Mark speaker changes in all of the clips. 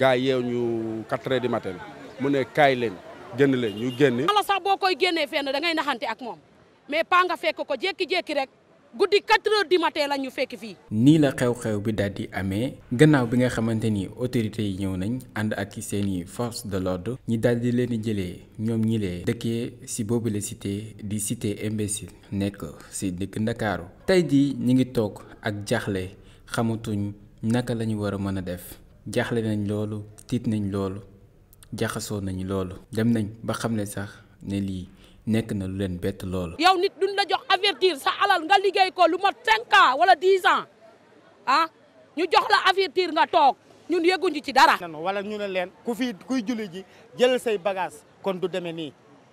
Speaker 1: gaa yeew ñu quatre heures du mu ne kaay leen génn leen ñu génn. wala
Speaker 2: sax boo koy génnee fenn da ngay naxante ak moom mais pa nga fekk ko jékki rek. guddi 4 heures du la ñu fekk fii.
Speaker 1: nii la xew-xew bi daal di amee gannaaw bi nga xamante ni autorités yi ñëw nañ ànd ak seen i force de l'ordre ñi daal di leen di jëlee ñoom ñi lee dëkkee ci boobu la cité di cité imbécile nekk ci dëkk Ndakaaru tey jii ñu ngi toog ak jaxle xamatuñ naka la ñu war a mën a def jaxle nañ loolu tiit nañ loolu jaxasoo nañ loolu dem nañ ba xam ne sax ne lii. nekk na lu leen bett loolu
Speaker 2: yow nit duñ la jox avertir sa alal nga liggéey ko lu mat 5 ans wala 10 ans ah ñu jox la avertir nga toog ñun yëguñu ci dara. wala ñu ne leen ku fi kuy julli ji jël say bagage kon du
Speaker 1: demee nii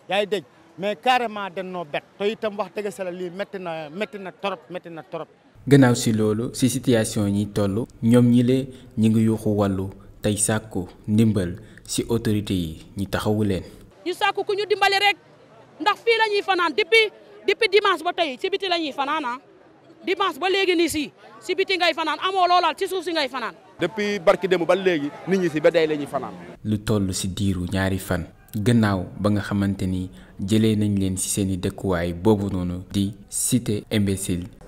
Speaker 1: yaay dégg mais carrément dem noo bett te itam wax dëgg sa la lii métti na métti na trop métti na trop. gannaaw si loolu si situation yi toll ñoom ñi le ñi ngi yuuxu wallu tey sàkku ndimbal si autorité yi ñi taxawu leen.
Speaker 2: ñu sàkku ku ñu dimbali ndax fii la fanaan depuis depuis ba tey si biti la ñuy fanaan ah. ba léegi nii si si biti ngay fanaan amoo loolaal ci suuf si ngay fanaan.
Speaker 1: depuis barki démb ba léegi nit ñi si ba day la ñuy fanaan. lu toll si diiru ñaari fan. gannaaw ba nga xamante ni jëlee nañ leen ci seeni dëkkuwaay boobu noonu di site imbécile